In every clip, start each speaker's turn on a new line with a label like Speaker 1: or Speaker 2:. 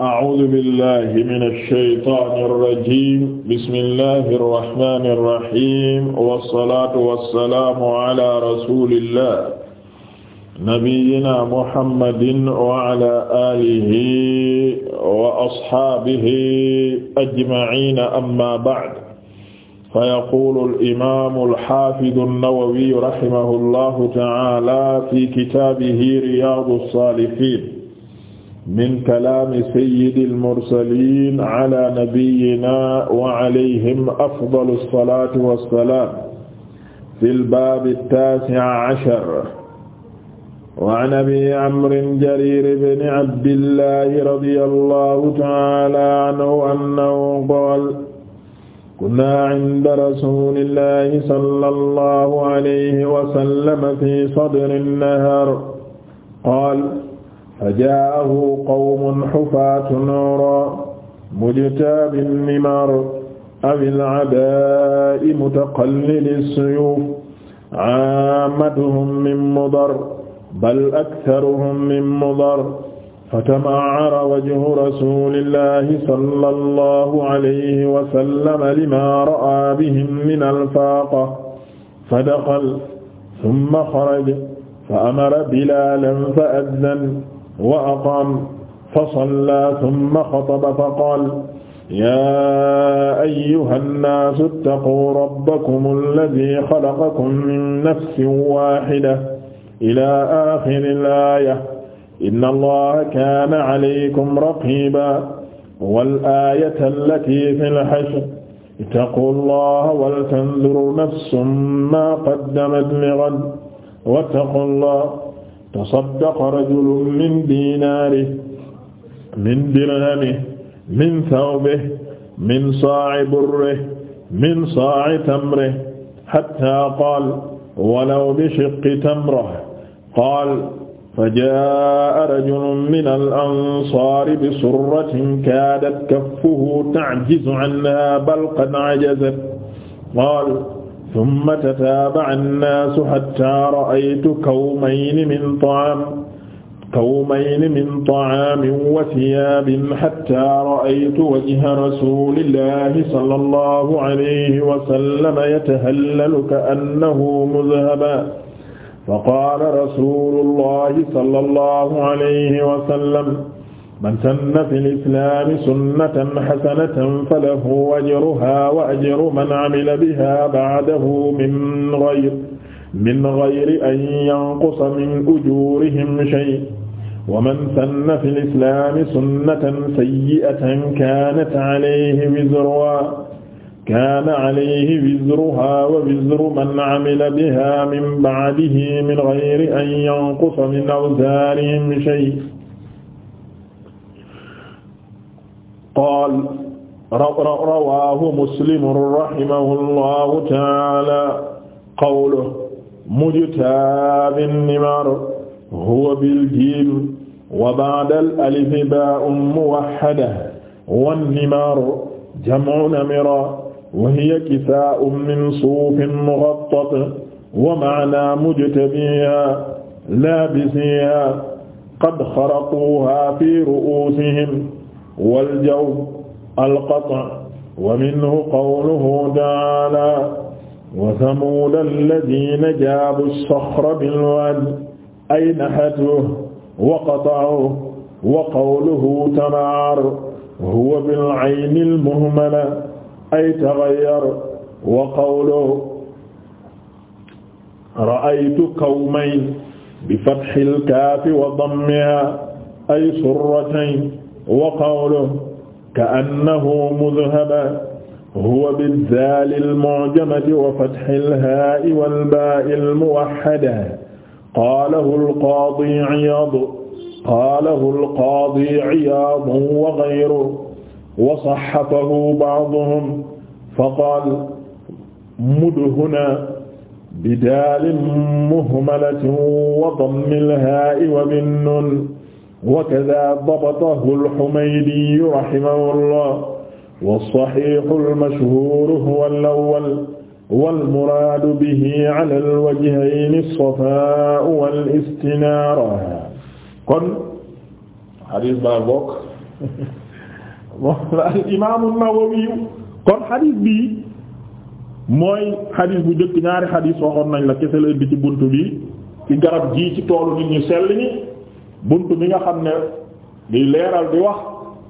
Speaker 1: أعوذ بالله من الشيطان الرجيم بسم الله الرحمن الرحيم والصلاة والسلام على رسول الله نبينا محمد وعلى آله وأصحابه أجمعين أما بعد فيقول الإمام الحافظ النووي رحمه الله تعالى في كتابه رياض الصالحين min kalaami sayyidil mursaliin ala nabiyyinaa wa alayhim afdalu salaati wa salaam fil baabi taasi' ashar wa an abii amrin jariir ibni abdillaahi radiyallaahu ta'aalaa anhu annahu qaala kunnaa 'inda rasuulillaahi sallallaahu alayhi wa sallam fii sadrin nahaar qaala فجاءه قوم حفاة عراة مجتابي النمار أبي العباء متقللي السيوف عامتهم من مضر بل أكثرهم من مضر فتمعر وجه رسول الله صلى الله عليه وسلم لما رأى بهم من الفاقة فدخل ثم خرج فأمر بلالا فأذن wa aqaam fa sallaa thumma xataba fa qaala yaa ayyuhan naasu ttaquu rabbakum alladii xalaqakum min nafsin waahidatin ilaa aaxiril aaya inna allaha kaana alaykum raqiiba wal aayatu allatii fil hashr ittaquu allaha wal tanzur nafsun maa qaddamat ligad wattaquu allaha tasaddaqa rajulun min dinaarihi min dirhamihi min thawbihi min saa'i burrihi min saa'i tamrihi hattaa qaala walaw bishiqqi tamratin qaala فجاء رجل من الأنصار بسرة كادت كفه تعجز عنها بل قد عجزت قال tumma tataaba'a an-naasu hattaa ra'aytu kawmayni min ta'aam kawmayni min ta'aamin wa siyaabin hattaa ra'aytu wajha rasuulillaahi sallallahu alayhi wa sallam yatahallalu ka'annahu muzhaba faqaala rasuulullaahi sallallahu alayhi wa sallam man sanna fil islaami sunnatan hasanatan falahu ajruhaa wa ajru man amila bihaa ba'dahu min ghayri min ghayri an yanqusa min ujuurihim shay' wa man sanna fil islaami sunnatan sayyi'atan kaanat alayhi wizruhaa kaana alayhi wizruhaa wa wizru man amila bihaa min ba'dihi min ghayri an yanqusa min awzaarihim shay' qaal rawaahu muslim rahimahullahu taala qawluhu mujtaabin nimar huwa bil jiim wa ba'dal alifi baa'un muwahhada wan nimaaru jam'u namira wa hiya kisaa'un min suufin mughattat wa ma'naa mujtabiihaa laabisiihaa qad xaraquuhaa fii ru'uusihim wal jawb al qat' wa minhu qawluhu ta'ala wa thamuda alladhina jaabu as-sakhra bil wad ay nahatuhu wa qata'uhu wa qawluhu tamaar huwa bil ayni al muhmala ay taghayyar wa qawluhu ra'aytu kawmayn bi fathil kaafi wa dammiha ay surratayn wa qawluhu ka'annahu mudhhaba huwa biddaali al-mu'jamati wa fathi al-haa'i wal-baa'i al-muwahhada qaalahu al-qaadi Iyaad qaalahu al-qaadi Iyaad wa ghayruhu wa sahhafahu ba'duhum faqaala mudhuna bidaalin muhmalatin wa dammi al-haa'i wa bin-nuun وكذا ضبطه الحميدي رحمه الله والصحيح المشهور هو الأول والمراد به على الوجهين الصفاء والاستنارة kon xadis baa bokk Imaam An-Nawawi kon xadis bi mooy xadis bu njëkk ñaari xadis waxoon nañ la kese la indi ci buntu bi ci garab gi ci toolu nit ñu sell ni buntu bi nga xam ne di leeral bi wax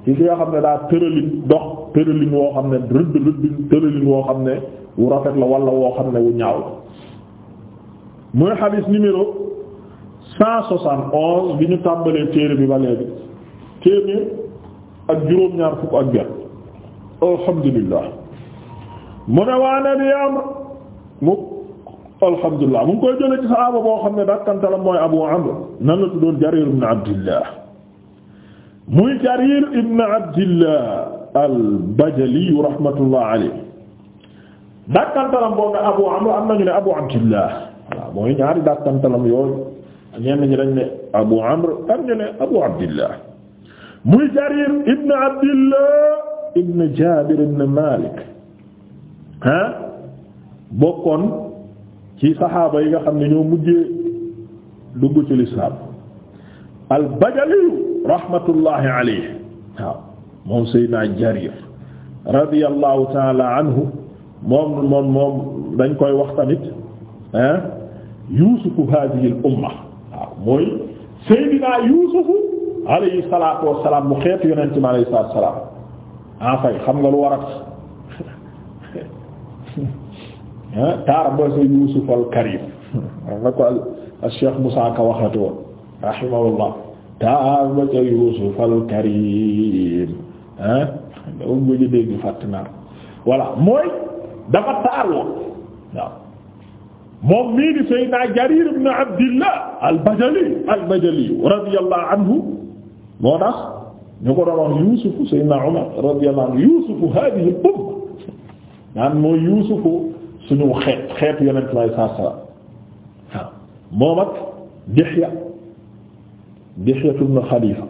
Speaker 1: ci li nga xam ne daal tëralin dox tëralin woo xam ne rëdd rëddin tëralin woo xam ne wu rafet la wala woo xam ne wu ñaaw la muy xadis numéro cent soixante onze bi ñu tàmbalee téere bi ba léegi téeméer ak juróom-ñaar fukk ak benn alhamdulillah mu ne waa ne bi am mu alhamdulilah mu ngi koy jëlee ci sahaaba boo xam ne dakkantalam mooy Abu Amr nan la tuddoon Jarir ibn Abdillah muy Jarir ibn Abdillah al-Bajali rahmatullah alayhi dakkantalam boo ne Abu Amr am nañu ne Abu Abdillah voilà mooy ñaari dakkantalam yooyu ñenn ñi dañ ne Abu Amr am ñu ne Abu Abdillah muy Jarir ibn Abdillah ibn Jabir ibn Malik ha bokkoon ci saxaaba yi nga xam ne ñoo mujjee dugg ci lislaam al bajaliyu rahmatullahi alayhi waaw moom seydina jarir radiyallahu taala anhu moom moom moom dañ koy wax tamit ah yusufu hadhihi al umma waaw mooy seydina yusufu alayhi salatu wasalaam mu xeetu yonente mi alayhi salatu wasalaam en ah, fay xam nga lu warat taar ba sa Yuusuf al Karim na ko al Cheikh Moussa Ka waxati woon rahimahullah taar ba sa Yuusuf al Karim ah dama bëgg dégg fàtt naa voilà mooy dafa taar woon waaw moom mii di Seydina Jarir ibn Abdillah al-Bajali al-Bajali radiyallahu anhu moo tax ñu ko doon wax Yuusufu Seydina Umar radiyallahu anhu Yuusufu haadihi al-umm naan mooy Yuusufu suñu xeet xeetu yonent lay saa salaam waaw moom ak Dihya Dihya ibn Khalifa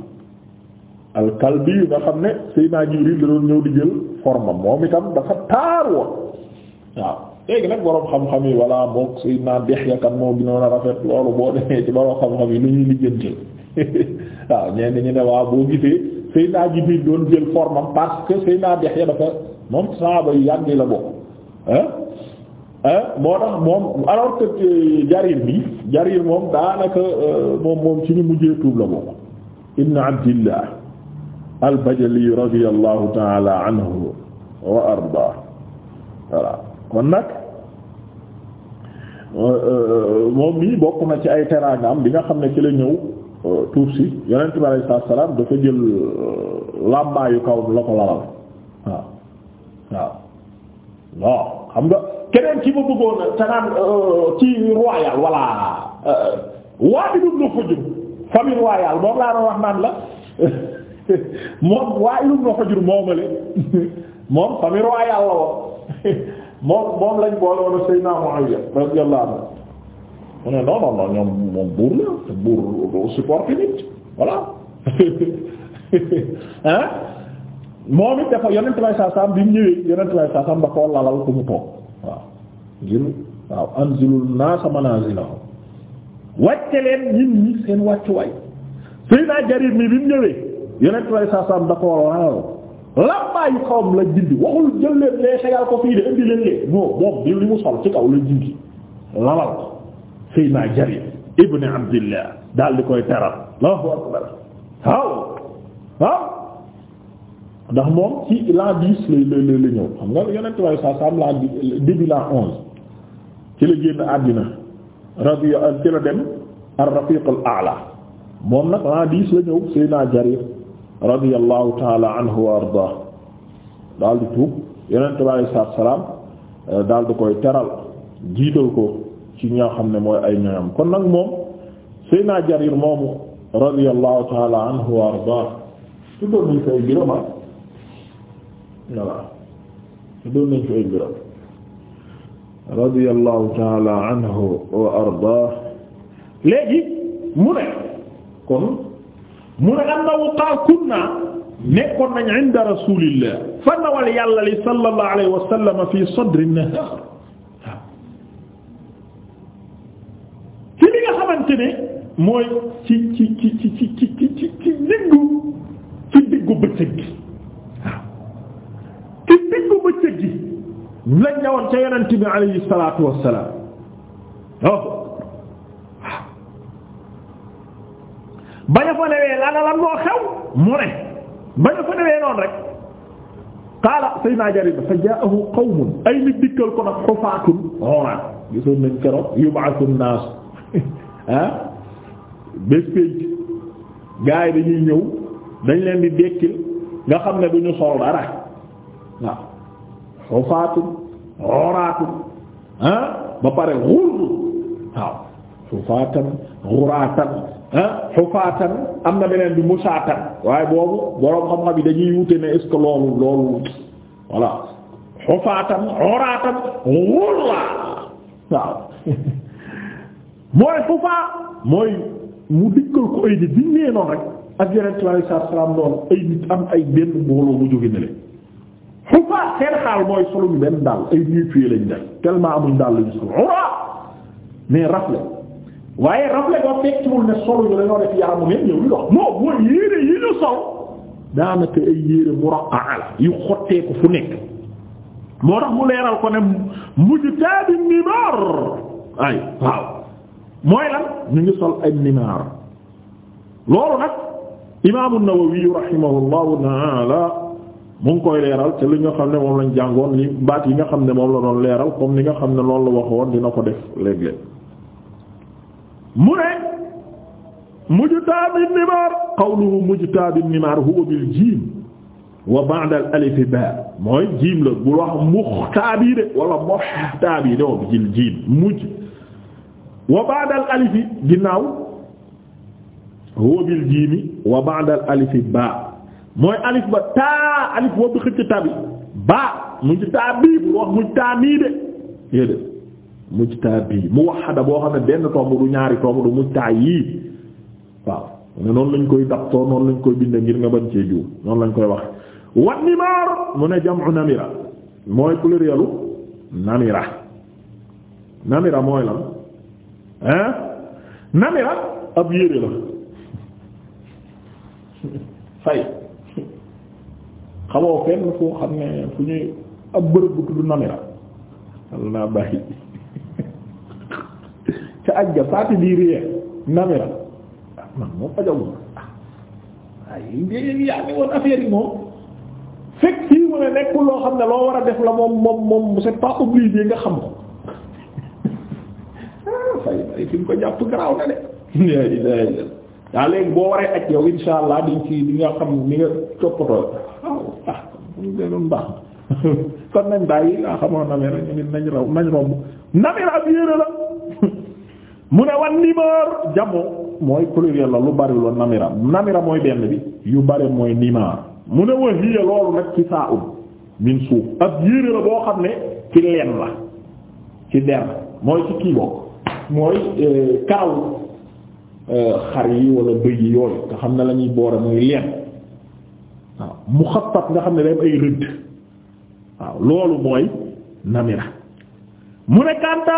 Speaker 1: al yu nga xam ne naa Jibril da doon ñëw di jël formam moom itam dafa taar woon waaw léegi nag boroom xam-xam yi walla mook Seydina Dihya kan moo gënoon a rafet loolu boo demee ci boroom xam-xam yi lu ñuy lijjanti waaw ñeen ñu ne waaw boo gisee Seydina Jibril doon jël formam parce que Seydina Dihya dafa moom saaba yu la bokk moo tax moom alors que euh, jarir bi jarir moom daanaka euh, moom moom ci ñu mujjee tuub la bokk ibn abdillah al-Bajali radiyallahu anhu wa kon nag euh, moom mii bokk na ci ay teraangaam bi nga xam ne ci la ñëw tuub si yonent bi alayhi salaatu salaam dafa jël làmbaayu kaw la ko lalal waaw waaw xam nga keneen ki ma bëggoon a te naan euh, ci royal voilà Wa'id ibn Hujr famille royal moom laa doon wax naan la moom Wa'id ibn moom famille royal la woon moom moom lañ boole woon Seydina Muawiya radiyallahu anhu mu ne non non non ñoom moom buur la nit voilà ah moom it dafa yonent saa saam bi mu ñëwee yonent saa saam da koo lalal ku mu toog. ngir waaw anzilul naasa la wàcce leen nit ñi seen wàccuwaay Seydina Jarir mi bi mu ñëwee yeneen tubaab saa saam da koo waral lambaayu xawam la jindi waxul jël leen lee segal ko fii de indi leen lee moom bi li mu sol ci kaw la jindi lalal ko Seydina Jarir ibn Abdillah daal di koy teral Allahu akbar waaw waaw ndax moom ci l'an dix la la la ñëw xam nga saa saam l'an dix début l'an onze. ci la génn àddina radiya ci la dem ar-rafiq al-a'la moom nag en dix la ñëw Seydina Jarir radiyallahu taala anhu wa ardaa daal di tuub yonent bi alayhi salaatu salaam euh, daal di koy teral jiital ko ci ñoo xam ne mooy ay ñoñam kon nag moom Seydina Jarir moomu radiyallahu taala anhu wa ardaa tuddoon nañ ko ay mbiram ah voilà tuddoon nañ ko ay mbiram radiyallahu taala anhu wa ardaah léegi mu ne kon mu ne am na wuqaa kunna nekkoon nañ inda rasulillah fa nawal yàlla li sallallahu alayhi wa sallam fi sadri nahaar ci li nga xamante ne mooy ci ci ci ci ci ci ci ci diggu ci diggu bëccëg lañ ñëwoon ca yonent bi alayhi salaatu wassalaam waaw baña fa newee lana lan moo xew mu ne baña fa newee noonu rek qaala sayna Jarir fa ja'ahu qawmun ay nit dikkal ko nag xufaatun xoraat gisoon nañ keroog yub'athu an-naas ah bés pénc gaa yi dañuy ñëw dañ leen di dekkil xam ne du ñu sol xofaatun xoraatun ah ba pare xurr waaw xufaatan xuraatan ah xufaatan am na beneen bi musaatan waaye boobu boroom xam-xam yi dañuy wute ne est-ce loolu loolu voilà xufaatan xoraatan xurra mooy xufaa mooy mu dikkal ko ay nit biñ nee noonu rek ak yeneen ci sallallahu alayhi ay nit am ay benn mbooloo mu jóge ne fu faa xaal mooy soluñu benn daal ay ñuy fii lañ def tellement amuñ daal lañu solo ora mais rafle waaye rafle ba fekkiwul ne soluñu dañoo def yaramu neen yow li wax moo mooy yére yi ñu sol daanaka ay yére muraqaa yu xotteeku fu nekk moo tax mu leeral ko ne mujtabi nimaar ay waaw mooy lan ñu ngi sol ay nimaar loolu nag imaamu Nawawi rahimahullahu ta'ala mu ngi koy leeral te li nga xam ne moom lañu jàngoon li baat yi nga xam ne moom la doon leeral comme li nga xam ne loolu la waxoon dina ko def léeg-léeg mu ne mujtaabin nimaar qawluhu mujtaabin nimaar huwa bil jiim wa ba'da al baa mooy jiim la bu wax muxtaabi de wala muxtaabi de wa bil jiim muj wa ba'da al alif ginnaaw huwa bil jiimi wa ba'da al baa mooy alif ba taa alif boobu xëcc tabi ba mu taa bii bu wax mu taa nii de yédé mu ci taa bii mu waxada boo xam ne benn tomb du ñaari tomb du mu taa yii waaw noonu lañ koy daptoo noonu lañ koy bind ngir nga bañ cee juum noonu lañ koy wax wan nimaar mu ne jam'u namira mooy plurielu namira namira mooy lan hein namira ab yére la xamoo fenn foo xam ne fu ñuy ab bërëb bu tudd namira walla naa bàyyi ca ajja saati di réer namira waaye ah, ah, yéen moom fekk xam ne loo war a def la moom moom moom c'est pas obligé nga xam ko ah, fay fay fi ko jàpp garaaw na de yaa boo waree aj yow insha di nga xam ni nga toppatoo dégum baax kon nañ bàyyi waa ah xamoon namira nañ raw nañ romb namira ab yére la mu ne wan nimaar jamo mooy pluriel la lu bari loon namira namira mooy benn bi yu bari mooy nimaar mu ne wa hiya loolu nag ci saa um min suuf ab yére la boo xam ne ci leen la ci der mooy ci kii bokk mooy euh, karaw euh, xar yi wala bëy yi yooyu nga xam ne la ñuy boora muy leen waaw mu muxattat nga xam ne day am ay rëdd waaw loolu mooy namira mu ne kanta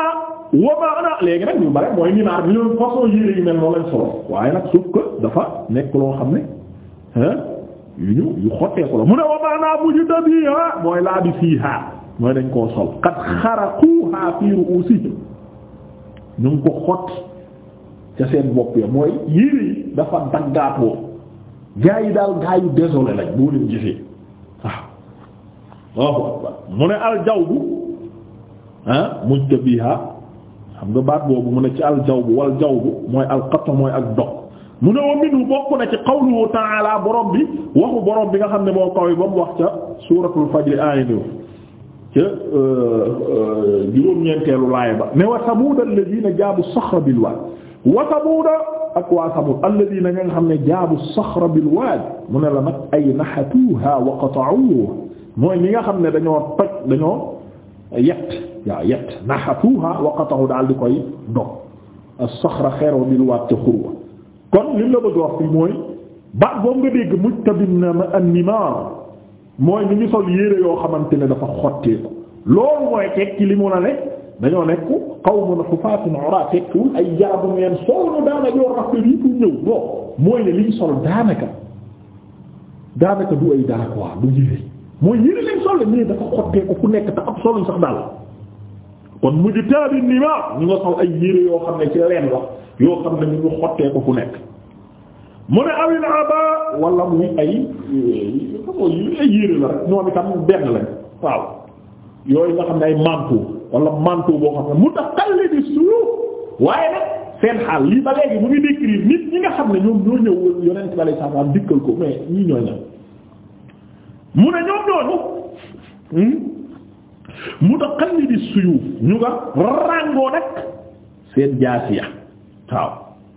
Speaker 1: wamaana léegi nag ñu bare mooy ninaar bi ñoom façon yére yu mel noonu lañ solo waaye nag sauf que dafa nekk loo xam ne hein yu ñu yu xottee ko la mu ne wamaana bu ñu dabi ha mooy laa bi fii ha mooy dañ koo sol kat xaraquha fi ru'usihim ñu ngi ko xotti ca seen bopp ya mooy yére yi dafa daggaatoo gaa yi daal gaa yu désolé lañ boo leen gisee waaw waaw mu ne aljawbu ah mujtabiha xam nga baat boobu mu ne ci aljawbu wal jawbu mooy alqatta mooy ak dog mu ne wa minhu bokk na ci qawluhu ta'ala borom bi waxu borom bi nga xam ne moo kaw yi ba mu wax ca suuratul fajri aaya ca euh, euh, juróom-ñeenteelu laaya ba ne wa samuuda alladhiina jaabu saxra bil waad wa samuuda ak waa Samud alladina nga xam ne jaabu saxra bil waad mu ne la nag ay naxatuha wa qata'uha mooy ñi nga xam ne dañoo toj dañoo yett waaw yett naxatuha wa qata'u daal di koy dog as-saxra xeeroo bil waad ca xurwa kon li la bëgg wax fi mooy ba boo nga dégg mujtabin na ma an-nimaar mooy ñu ngi sol yére yoo xamante ne dafa xotteeku loolu mooy teg ci li mu na ne dañoo nekk qawmun xufaatun uraat tekkiwul ay jarabu ngeen solnu daanaka yoo rafet yi pour ñëw non mooy ne liñ sol daanaka daanaka du ay dara quoi du yére mooy nekk ab soluñ sax daal kon mujj taabi nga sol ay yére yoo xam ne ci leen wax yoo xam ne ñu ngi xottee ko fu nekk mu ne awil aba wala muy ay yére la rek ñoom itam benn lañ waaw yooyu nga xam ne ay manteau wala manteau boo xam ne mu tax xale di waaye nag seen xaal lii ba léegi mu ngi décrire nit ñi nga xam ne ñoom ñoo ñëw yonent bale saa saa dikkal ko mais ñii ñooy ñëw mu ne ñoom ñooñu hmm, mu tax xale suyuf ñu nga ràngoo nag seen jaasiya waaw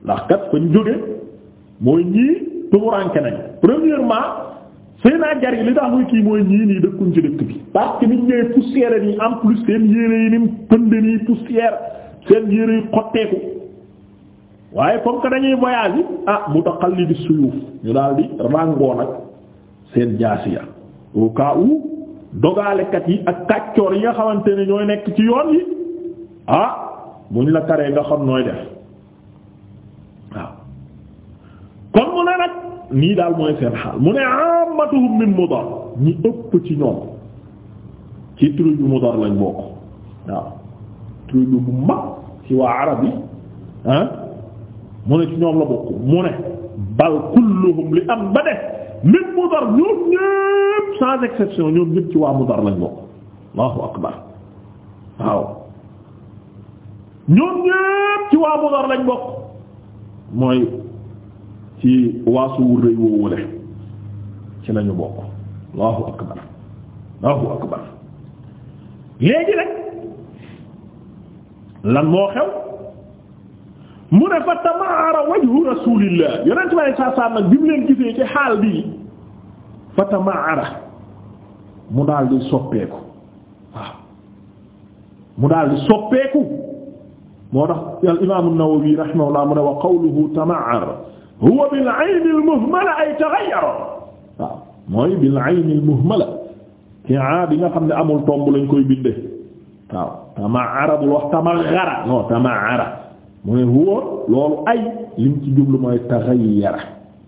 Speaker 1: ndax kat fañ jóge mooy ñii tumuranke nañ premièrement sëy naa jar yi li tax muy kii mooy ñii nii dëkkuñ ci dëkk bi parce que niñ ñëwee poussière yi en plus seen yére yi nim pënd nii poussière seen yére yi xotteeku waaye comme que dañuy voyage yi ah mutaqallid suyuf ñu daal di ràngoo nag seen jaasiya au cas où dogalekat yi ak kàccoor yi nga xamante ne ñooy nekk ci yoon yi ah buñ la karee nga xam nooy def waaw kon mu ne nag nii daal mooy seen xaal mu ne amatuhum min mudar ñi ëpp ci ñoom ci tribu mudar lañ bokk waaw tribu bu mag ci waa arab yi ah mu ne ci ñoom la bokk mu ne bal kulluhum li am ba def min mudar ñoom ñépp sans exception ñoom ñépp ci waa mudar lañ bokk allahu akbar waaw ñoom ñépp ci waa mudar lañ bokk mooy ci waasuwu rëy woo wële ci lañu bokk allahu akbar allahu akbar léegi rek lan moo xew mu ne fa tamaara wajhu rasulillah yonent bi saa saa nag bi mu leen gisee ci xaal bii fa tamaara mu daal di soppeeku waaw mu daal di soppeeku moo tax al imaamu Nawawi rahimahullah mu ne wa qawluhu tamaara huwa bil ayn al muhmala ay taghayyara mooy bil ayn al muhmala ci bi nga xam ne amul tomb lañ koy binde waaw tamaara bul wax tamaara non tamaara mu ne huwa loolu ay lim ci jublu mooy taghayyara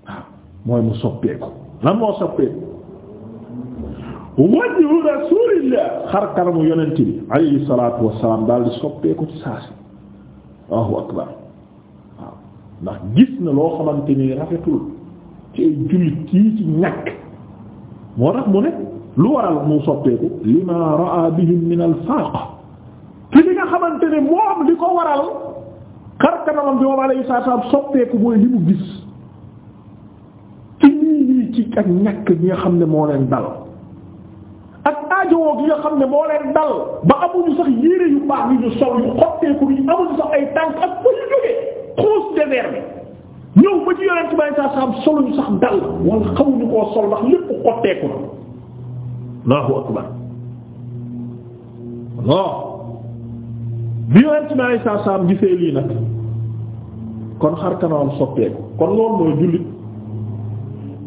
Speaker 1: waaw mooy mu soppeeku lan moo soppeeku wajhu rasulillah xar kanamu yonent bi daal di soppeeku ci saasi Allahu akbar ndax gis na loo xamante ni rafetul ci ay jullit kii ci ñàkk moo tax mu ne lu waral mu soppeeku lima ra'a bihim min al ki li nga xamante ne moom li ko waral xar kanamam bi moom soppeeku mooy li mu gis ci ak ñàkk bi nga xam ne moo leen dal ak xam ne moo leen dal ba amuñu sax ay tànk ak ko ñu jógee xuus désert bi ñëw ba ci yonent bay saa saam soluñu sax dal wala xamuñu koo sol ndax lépp xotteeku na Allahu akbar Allah bi yonent bay saa saam gisee lii nag kon xar kanawam soppeeku kon loolu mooy jullit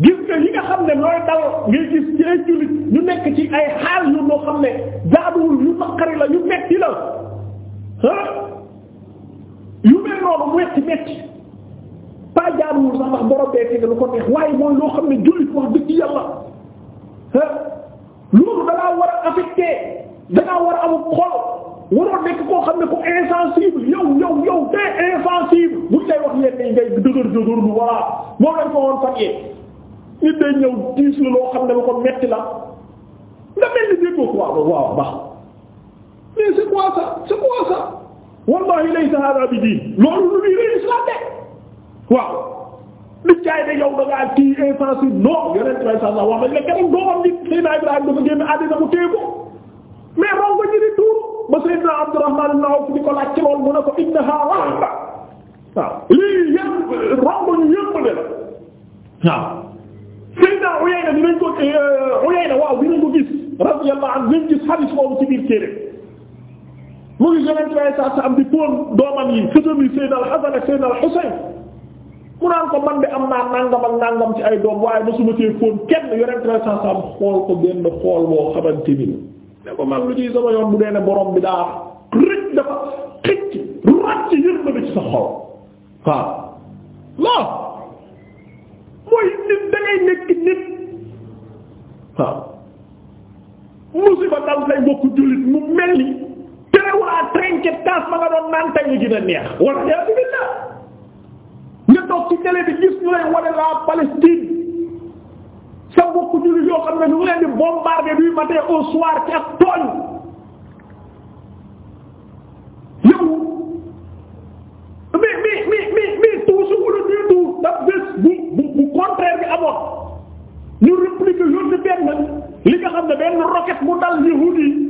Speaker 1: gis nga yi nga xam ne looy dal ngay gis ci jullit ñu nekk ci ay xaal yu loo xam ne jaaduwul yu naqari la yu metti la ah yu mel noonu metti metti pas jaaruwul sax ndax bee tege lu ko neex waaye mooy loo xam ne jullit wax dëgg yàlla ah loolu da ngaa war a affecté da war a am xol waroo nekk koo xam ne ku insensible yow yow yow te insensible buñ lay wax yenn yi ngay dëgër dëgër lu voilà moom lañ ko woon fan yee nit ñëw diis la loo xam ne lu ko metti la nga mel ni déggoo ko waaw waaw baax mais c'est quoi ça c'est quoi ça. wallahi laysa hada bi diin loolu lu ñuy rëy islam de waaw li jaay de yow da ngaa kii insensible non yeneen trois cent ans wax nañ la keroog doomam nit Seydina Ibrahima dafa génn àddina mu téye ko mais ron ko ñu di tuur ba Seydina Abdurrahman ibn Awf di ko laaj ci loolu mu ne ko innaha rahma waaw lii yéen ron ñu yëpp de la waaw Seydina Uyayna dinañ ko euh, Uyayna waaw dinañ ko gis radiyallahu anhu dinañ gis hadith boobu ci biir téere mu ngi yonent bi saa saa am di poon doomam yi sëtam yi Seydina al ak Seydina Al-Husayn mu ko man de am naa nangam ak nangam ci ay doom waaye mosuma cee poon kenn yonent bi saa saa am xool xool ko man lu ciy bi daa mooy nit da ngay nekk nit waaw musiba dal say bokk jullit mu mel ni. yow laa trinquer taas ma nga doon naan tey gën a neex wala yaa ngi bind nga toog ci télé bi gis ñu lay wane la Palestine sa mbokku jullit yoo xam ne ñu leen di bombarder du matin au ci ak tooñ yow mi mi mi mi mi tuusu wala nii tuus ndax bés bu bu bu contraire bi amoon ñu répliquer yoon di benn li nga xam ne benn roquette mu dal yahudi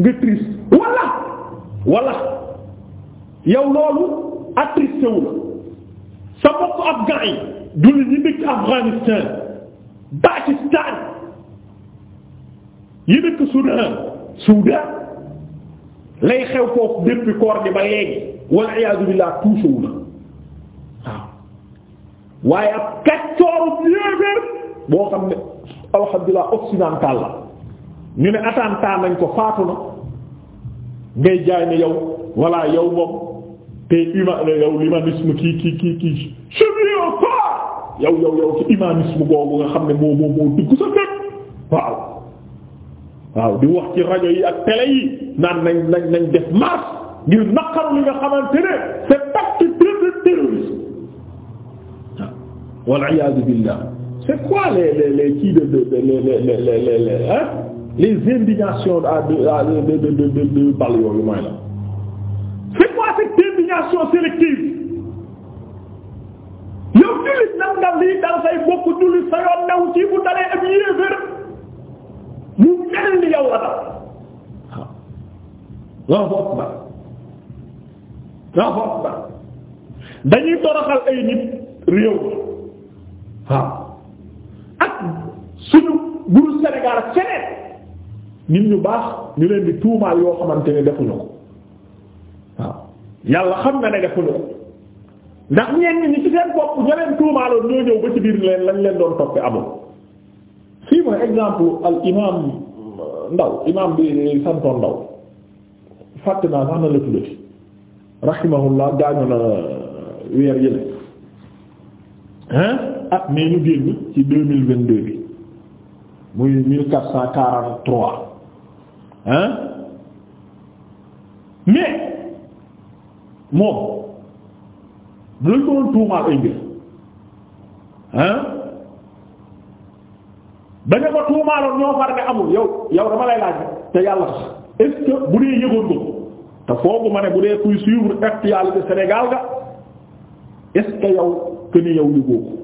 Speaker 1: nga triste wala wala yow loolu attristé wu la sa mbokku afghan yi duli ñi Afghanistan Pakistan yi dëkk Soudan lay xew foofu depuis koor bi ba léegi wal iyaadu billaah tuuse wu waaye ab kaccooru yéeféer boo xam ne alhamdulilah occidental la ñu ne attentat nañ ko faatu na ngay jaay ne yow walla yow moom te ima yow l'imanisme kii kii kii kii chevillé au corps yow yow yow ci imanisme googu nga xam ne moo moo moo dugg sa bët waaw di wax ci rajo yi ak télé yi naan nañ def marche ngir naqaru li nga xamante ne cet acte de terrorisme waaw wal iyaadu billah c'est quoi les indignations à de de de bal yooyu mooy la c'est quoi cette indignation sélective yow jullit nan nga lii dal say bokk jullit sa yoon new ci bu dalee ak yéefér mu mel ni yow la dal waaw laa foog ba laa foog ba dañuy ay nit réew waaw ak suñu buru Sénégal ak feneen nit ñu baax ñu leen di tuumaal yoo xamante ne defuñu ko waaw yàlla xam na ne defuñu ko ndax ñenn ñi ci seen bopp ña leen tuumaaloon ñoo ñëw ba ci biir leen lañ leen doon toppe amul fii mooy exemple al imam ndaw imam bi santoon ndaw fàtte naa sax na la tuddati rahimahullah gaañu na weer yële hein ah, at mais ñu génn ci deux mille vingt deux bi muy mille quatre cent quarante trois hein mais moom lañ ko doon tuumaal ay mbir hein dañu ko tuumaaloon ñoo far ne amul yow yow dama lay laaj te yàlla est-ce bu dee yëgoon ko te foogu ma ne bu dee kuy suivre actualité Sénégal ga est yow que yow yëgoo ko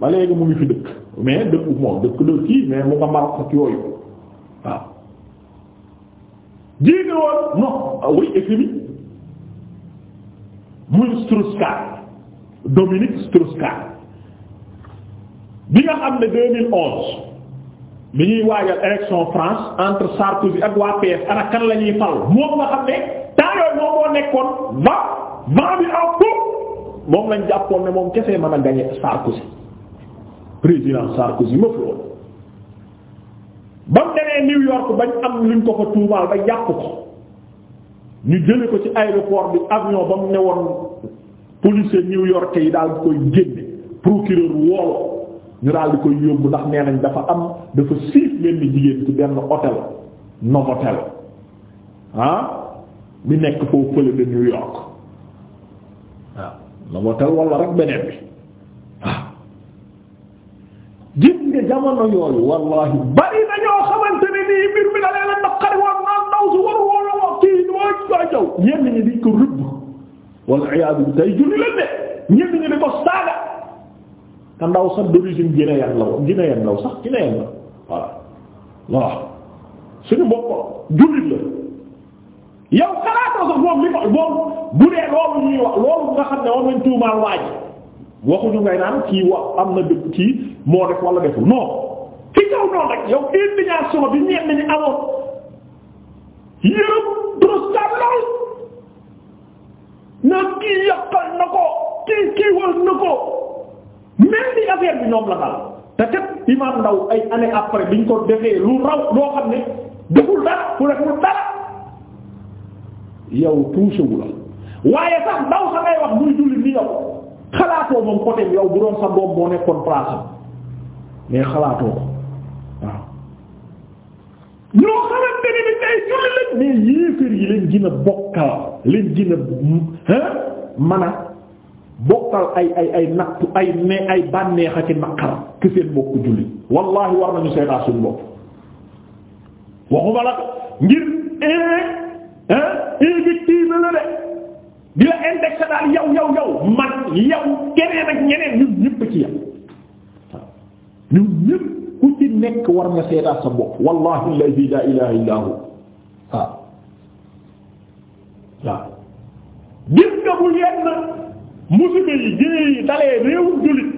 Speaker 1: ba léegi mu ngi fi dëkk mais dëkku moom dëkk dëkk kii mais mu nga Maroc ak yooyu waaw jiite woon non ah oui écrivi muy Strauss-Kahn Dominique Strauss-Kahn bi nga xam ne 2011 bi ñuy waajal élection France entre Sarkozy ak waa PS ana kan la ñuy fal moom nga xam ne temps moom moo nekkoon va va bi en tout moom lañ jàppoon ne moom kese mën a gagner Sarkozy président Sarkozy ma fi woon ba mu demee New York bañ am luñ ko fa tuumaal ba jàpp ko ñu jële ko ci aéroport bi avion ba mu ne woon policier New York yi daal di koy génne procureur woolu ñu daal di koy yóbbu ndax nee nañ dafa am dafa siif benn jigéen ci benn hôtel Novotel ah bi nekk foofu fële New York waaw Novotel rek beneen bi jamono yooyu wallahi bari dañoo xamante ne nii mbir mi leen a naqari woon naan ndaw si waru woon a wax kii mooy koy jaw ñenn ñi di ko rëbb walla iyaadu bi tay julli leen de ñenn ñi di saaga te ndaw sax d'origine guinéenne law sax guinéenne la voilà waaw suñu mbokk jullit la yow xalaatoo sax moom li ko moom bu dee loolu ñuy wax loolu nga xam ne moom lañ waaj waxuñu ngay naan kii wax am na dëgg moo def wala deful non ci kaw noonu rek yow indignation bi ñenn ñi amoon yërëm dos tab lool naan kii yàqal na ko kii kiiwal na ko mel ni affaire bi ñoom la dal te kat imam ndaw ay année après biñ ko defee lu raw loo xam ne deful dara ku deful dara yow tuusewu waaye sax ndaw sa ngay wax muy julli ni yow xalaatoo moom côté yow bu doon sa doom moo nekkoon place mais xalaatoo ko waaw ñoo xamante ne bi tay julli lañ yi leen gën bokkal leen gën a man a bokkal ay ay ay nattu ay ne ay bànneex ak naqar ke seen bokk julli wallahi war nañu seetaa suñu bopp waxuma la ngir invective la de di la indexe daal yow yow yow man yow keneen ak ñeneen ñun ñëpp ci yam ñun ñëpp ku ci nekk war nga seetaat sa bopp wallahi allazi la ilaha hu waaw waaw nga bu yenn musiba yi dalee réewum jullit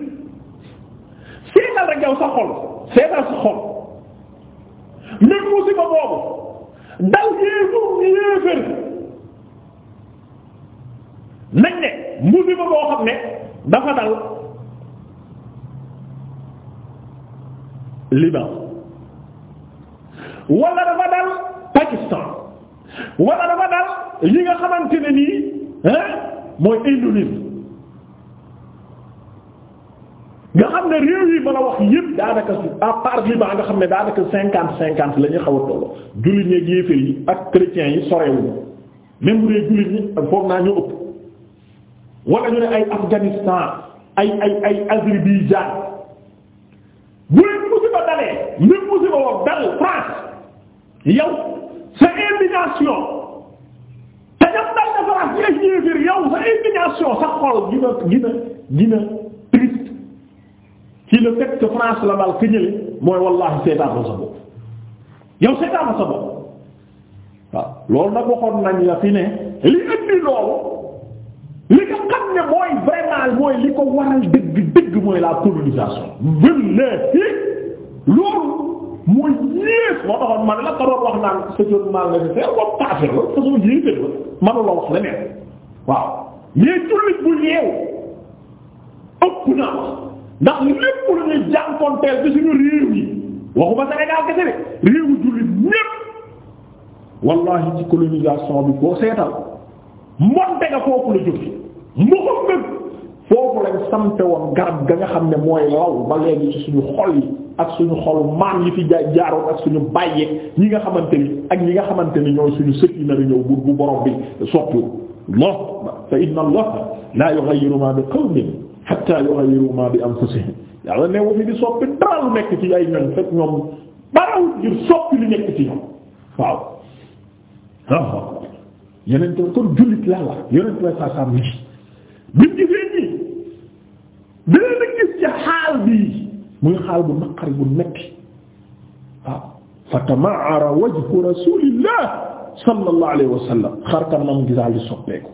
Speaker 1: seetal rek yow sa xol seetal sa xol même musiba boobu dal yéefur yéefër nañ ne musiba boo xam ne dafa dal Liban wala dafa dal Pakistan wala dafa dal yi nga xamante ne nii mooy Indonésie nga xam ne réew yi ma la wax yépp daanaka part Liban nga xam ne daanaka cinquante cinquante lañuy ñu xaw a jullit ñeeg yéefar yi ak chrétiens yi sorewuñu même jullit ñi foog naa ñu ëpp wala ñu ne ay Afghanistan ay ay ay Azerbaïdjan bu leen musiba dalee mbir musiba wax dal France yow sa indignation te ñam dal na France ñeex ñéeféer yow sa indignation sa xol gina gina gina triste ci le fait que France la dal këñële mooy wallahi seetaan sa bopp yow seetaan sa bopp waaw loolu nag waxoon nañ la fi ne li indi loolu li nga xam ne waral mooy li ko waral dëgg dëgg mooy la colonisation wallahi loolu mooy yées moo taxoon man la ka doon wax naan sa jot maa nga ne seer moom kaafir la façon yéeféer la manu waaw mais jullit bu yeew ëpp naa wax ndax lépp lu ñuy jànkonteel ci suñu réew yi waxuma Sénégal kese de réewu jullit ñépp wallahi ci colonisation bi boo seetal monte nga foofu la jóge mu xam nga sampe woon garab ga nga xam ne mooy law ba léegi ci suñu xol yi ak suñu xolu maam yi fi jaaroon ak suñu bàyyeeg ñi nga xamante ni ak ñi nga xamante ni ñooy suñu sët yi nar a ñëw bu bu borom bi soppiwu Allah fa inna Allah la yughayyiru ma bi qawmin hatta yughayyiru ma bi anfusihim yàlla ne wu fi di soppi dara lu nekk ci ay ñoñ fekk ñoom baraw ngir soppi lu nekk ci ñoom waaw waaw yeneen te kon jullit laa la yeneen te saa saa mu bi dina gis ci xaal bii muy xaal bu naqari bu metti waaw fa tama'ara wajhu rasulillah sallallahu alayhi wa sallam xarkan nam gisaal di soppeeku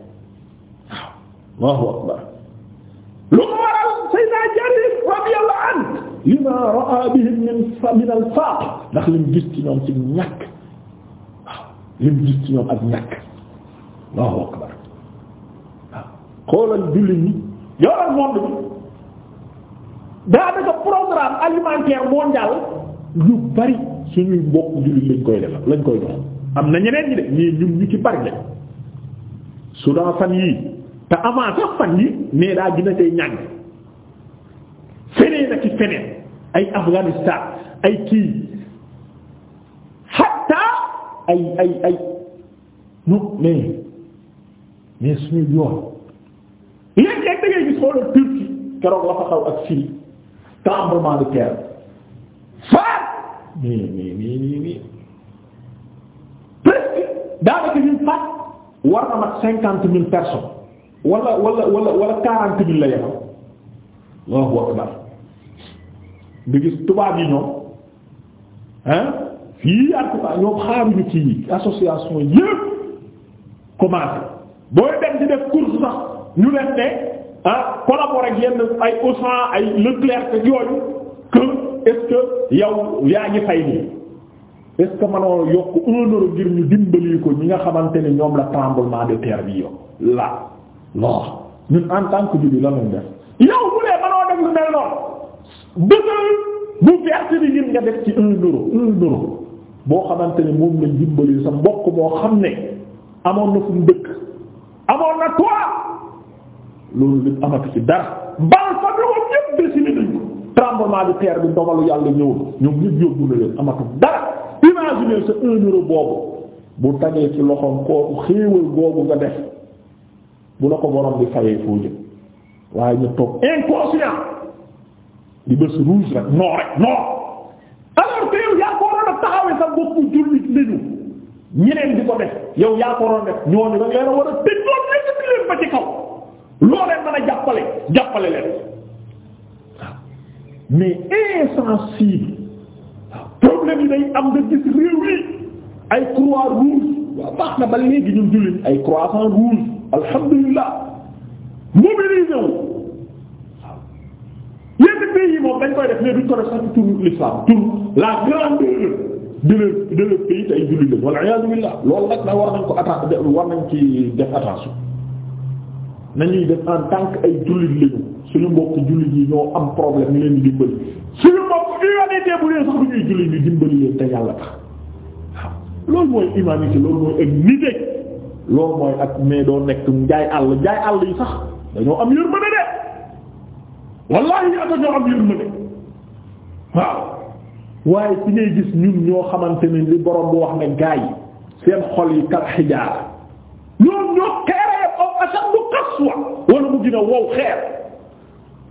Speaker 1: waaw allahu akbar lu ko waral sayyidina Jarir radiyallahu anhu lima ra'a bihim min min al-faaq ndax lim gis ci ñoom ci ñàkk waaw lim gis ci ñoom ak ñàkk allahu akbar waaw xoolal julli ñi yoral monde bi daanaka programme alimentaire mondial yu bari suñuy bokk jullit lañ koy def lañ koy dox am na ñeneen ñi de mais ñu ci bari lañ Soudan fan yii te avant sax fan yi mais daa gën a tey feneen ak feneen ay Afghanistan ay kii hatta ay ay ay ñu mais mais yoon léeg-léeg da ngay gis xoolal Turquie keroog la fa xaw ak Syrie tremblement de terre faat nii nii nii nii nii presque daanaka ñun faat war na mat cinquante mille personnes wala wala wala wala quarante mille la yemal Allahu akbar nga gis tubaab yi ñoom hein fii en tout cas ñoom xaaruñu ci association yépp commencé booy dem di def course sax ñu leen ne ah collaborer ak yenn ay Auchan ay Leclerc ak yooyu que est-ce que yow yaa ngi fay nii est-ce que mënoo yokk un ngir ñu dimbali ko ñi nga xamante ne ñoom la tremblement de terre bi yow la non ñun en tant que jullit def yow bu dee def lu mel noonu bëggal bu verte bi nga def ci un euro boo xamante ne moom lañ dimbali sa mbokk moo xam ne amoon na fu dëkk amoon na toit. loolu lépp amatu ci dara bal fa ñoom ñëpp décimé nañ ko tremblement de terre bi ndogalu yàlla ñëwoon ñoom ñëpp yóbbu na amatu dara imaginer sa un boobu bu tagee ci loxoom kooku xéewal boobu nga def bu la ko borom di fayee foo waaye ñu toog inconscient di bës rouge rek non rek non alors que yaa ko waroon a taxawee sa bopp jullit lañu ñeneen di ko def yow yaa ko waroon def ñooñu da nga leen a war a tëj loolu nekk leen ba loo leen mën a jàppale jàppale leen waaw mais insensible waaw problème yi day am nga gis ay croix rouge waaw baax na ba léegi ñun jullit ay croissant rouge alhamdulilah mobilisé wu waaw yenn yi moom dañ koy def mais duñ ko def sax tur l'islam tur la grandeur de leur de leur pays te ay jullit lañ wal iyaazu billah loolu nag nag war nañ ko atta war nañ ci def attention. nañuy def en tant que ay jullit lañu suñu mbokk jullit yi ñoo am problème ñu leen di dimbali suñu mbokk ñu yonee dee bu leen sax duñuy jullit ñu dimbali leen te yàlla tax loolu mooy humanité loolu mooy ak loolu mooy ak mais doo nekk njaay àll njaay àll yi sax dañoo am yërmande de wallaahi ak dañoo am yërmande waaw waaye ci ngay gis ñun ñoo xamante ni li borom bu wax ne gaa yi seen xol yi kal xijaar ñoom ñoo aswa wala mu gën a wow xeer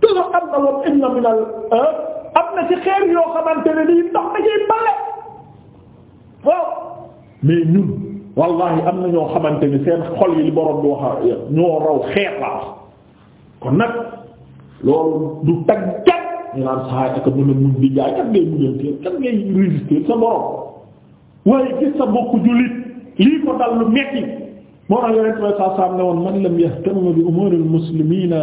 Speaker 1: te la am na woon inna min al ah, am na ci xeer yoo xamante ne nii ndox da ciy bale waaw ñun wallahi am na ñoo xamante ni seen xol yi li borom bi wax ñoo raw xeer la wax kon nag loolu du tag jag ñu naan saay ak mën a muñ di jaay kat ngay muñanteel kat ngay résister sa borom waaye gis sa bokk jullit lii ko dal lu metti moo tax yonent bi saa saam ne woon man lam yahtam bi umuur al-muslimiina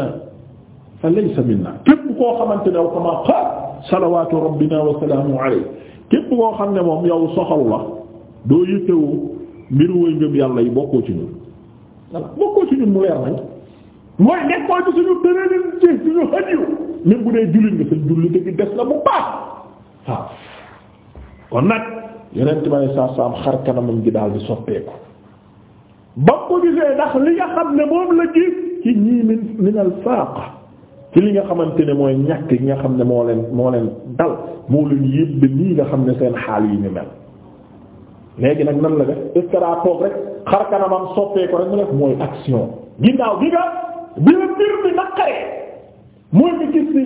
Speaker 1: fa laysa minna képp koo xamante ne aw kamaa qaal salawaatu rabbinaa wa salaamuhu alayhi képp koo xam ne moom yow soxalu la doo yittewu mbir woy ngëm yàlla yi bokkoo ci ñun voilà bokkoo ci ñun mu leer nañ mooy nekkoo ci suñu tërëlin ci suñu xëj même bu dee jullit nga sa jullit gi des na bu baax waaw nag yonent bi saa saam xar kanamam gi daal di soppeeku. ba ko gisee ndax li nga xam ne moom la gis ci ñii min al faaq ci li nga xamante ne mooy ñàkk yi nga xam ne moo leen moo leen dal moo leen yëbb nii nga xam ne xaal yi ñu mel nag nan la def est-ce que mooy action ginnaaw gi nga bi la mbir mi naqaree mooy bi gis ni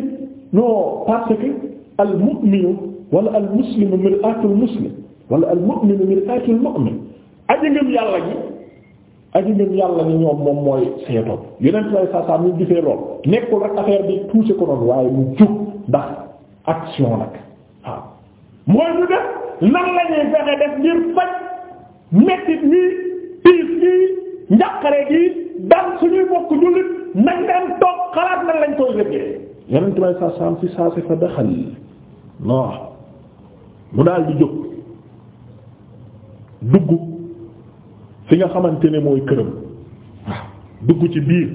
Speaker 1: non parce que al mu'minu wala al muslimu mir'atul muslim wala al mu'minu mir'atul mu'min aji ngëm yàlla gi aji ngëm yàlla ni ñoom moom mooy seetoon yeneen lay saa saa ñu gisee lool nekkul rek affaire bi touché ko noonu waaye mu jug ndax nag waaw fexe def ngir faj mettit ñi piis ñi njàqare gi dal suñuy bokk jullit nañ leen toog xalaat nan lañ koy rëggee yeneen lay saa saa fi saa si fa daxal non mu daal di jóg dugg fi nga xamante ne mooy këram waaw dugg ci biir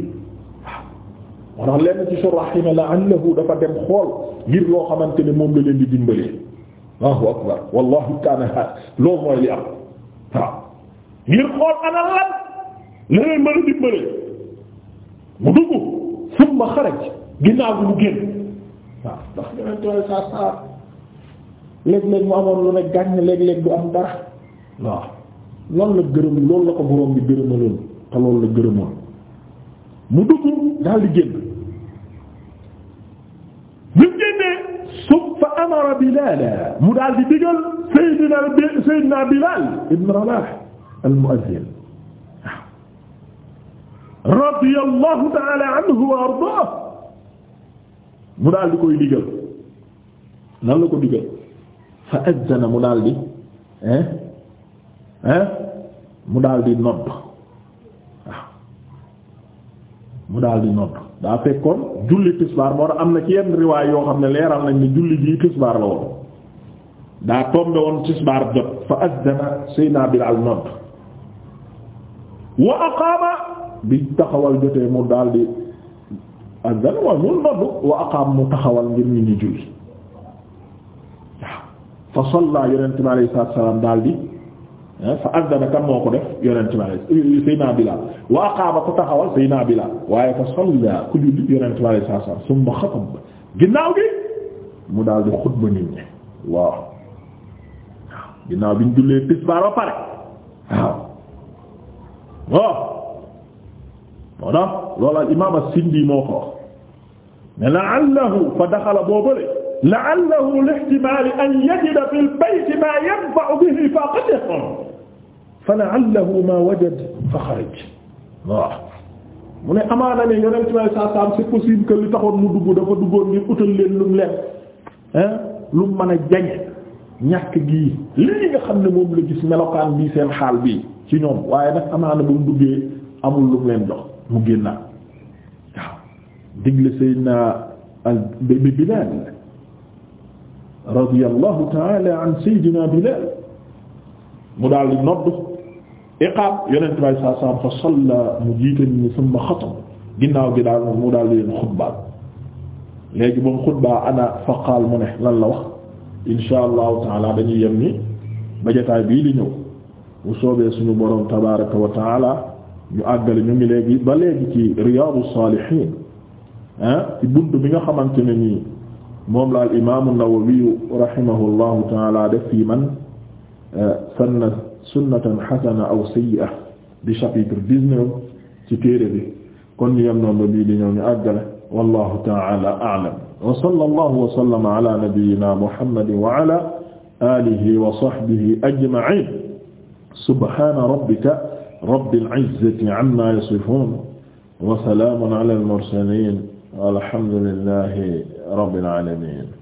Speaker 1: waaw moo tax lenn ci surahima la annahu dafa dem xool ngir loo xamante ne moom la leen di dimbalee Allahu akbar wallahu kaana ha loolu mooy li am waaw ngir xool ana lan la leen mën a dimbalee mu dugg summa xaraj ginnaaw bi mu génn waaw ndax yeneen tool saa saa léeg-léeg mu amoon lu ne gàññ léeg-léeg du am dara waaw loolu la gërëm loolu la ko borom bi gërëmaloon te loolu la gërëmoon mu dugg daal di génn bi mu génnee sub fa amara Bilaal mu daal di digal Seydina Seydina Bilaal ibn Rabaah al-mu'azzin radiyallahu ta'ala anhu wa ardaahu mu daal di koy digal nan la ko digal fa azzana mu daal di hein hein mu daal di nodd waaw mu daal di nodd daa fekkoon julli tisbaar moo tax am na ci yenn riwaay yoo xam ne leeral nañ ne julli jii tisbaar la woon daa tombe woon tisbaar jot fa addana sayna Bilaal nodd wa aqaama bi taxawal jotee mu daal di addana waaye mu nodd wa aqaam mu taxawal ngir nit ñi julli waaw fa salla yonent bi alayhi salaatu wa salaam di fa addana kan moo ko def yonent bi Seydina Bilaal wa aqaama ku taxawal Seydina Bilaal waaye fa salla ku julli yonent bi alayhi salaam summa xatab ginnaaw gi mu daal di xutba nit ñi waaw waaw ginnaaw bi ñu jullee tisbaar ba pare waaw waaw moo tax loolu al imaam as-Sindi moo ko ne la'allahu fa daxala boobale la'allahu li ihtimaal an yajida fil bayti maa yanfa'u bihi faaqatihi fa la'allahu ma wajad fa xaraj waaw mu ne amaana ne yonent bi saa saam c'est possible que li taxoon mu dugg dafa duggoon ngir utal leen lum leen lu mën a jañe ñàkk gi lii nga xam ne moom la gis melokaan bi seen xaal bi ci ñoom waaye nag amaana bu mu duggee amul lum leen jox mu génnaat waaw digle Seydina al bi Bilaal radiyallahu ta'ala an Seydina Bilaal mu daal di nodd iqaam yonent bi saa saam fa salla mu jiite nit ñi summa xatam ginnaaw gi daal mu daal di leen xutbaal léegi ba mu xutbaa ana faqaal mu ne lan la wax insha allahu taala dañuy yem ni bajataay bii di ñëw bu soobee suñu boroom tabaaraka wa taala ñu àggale ñu ngi léegi ba léegi ci riyaadu saalihiin ah ci bunt bi nga xamante ne nii moom la al imaamu Nawawi rahimahullahu taala def fii man ah, sanna sunnatan hasana aw sayyi'a di chapitre dix-neuf ci téere bi kon ñu yem noonu ba bii di ñëw ñu àggale wallahu ta'ala a'lam wa sallallahu wa sallama ala nabiyyina muhammadin wa ala alihi wa sahbihi ajma'in subhana rabbika rabbil izzati amma yasifun wa salamun ala al mursalin walhamdulillahi rabbil alamin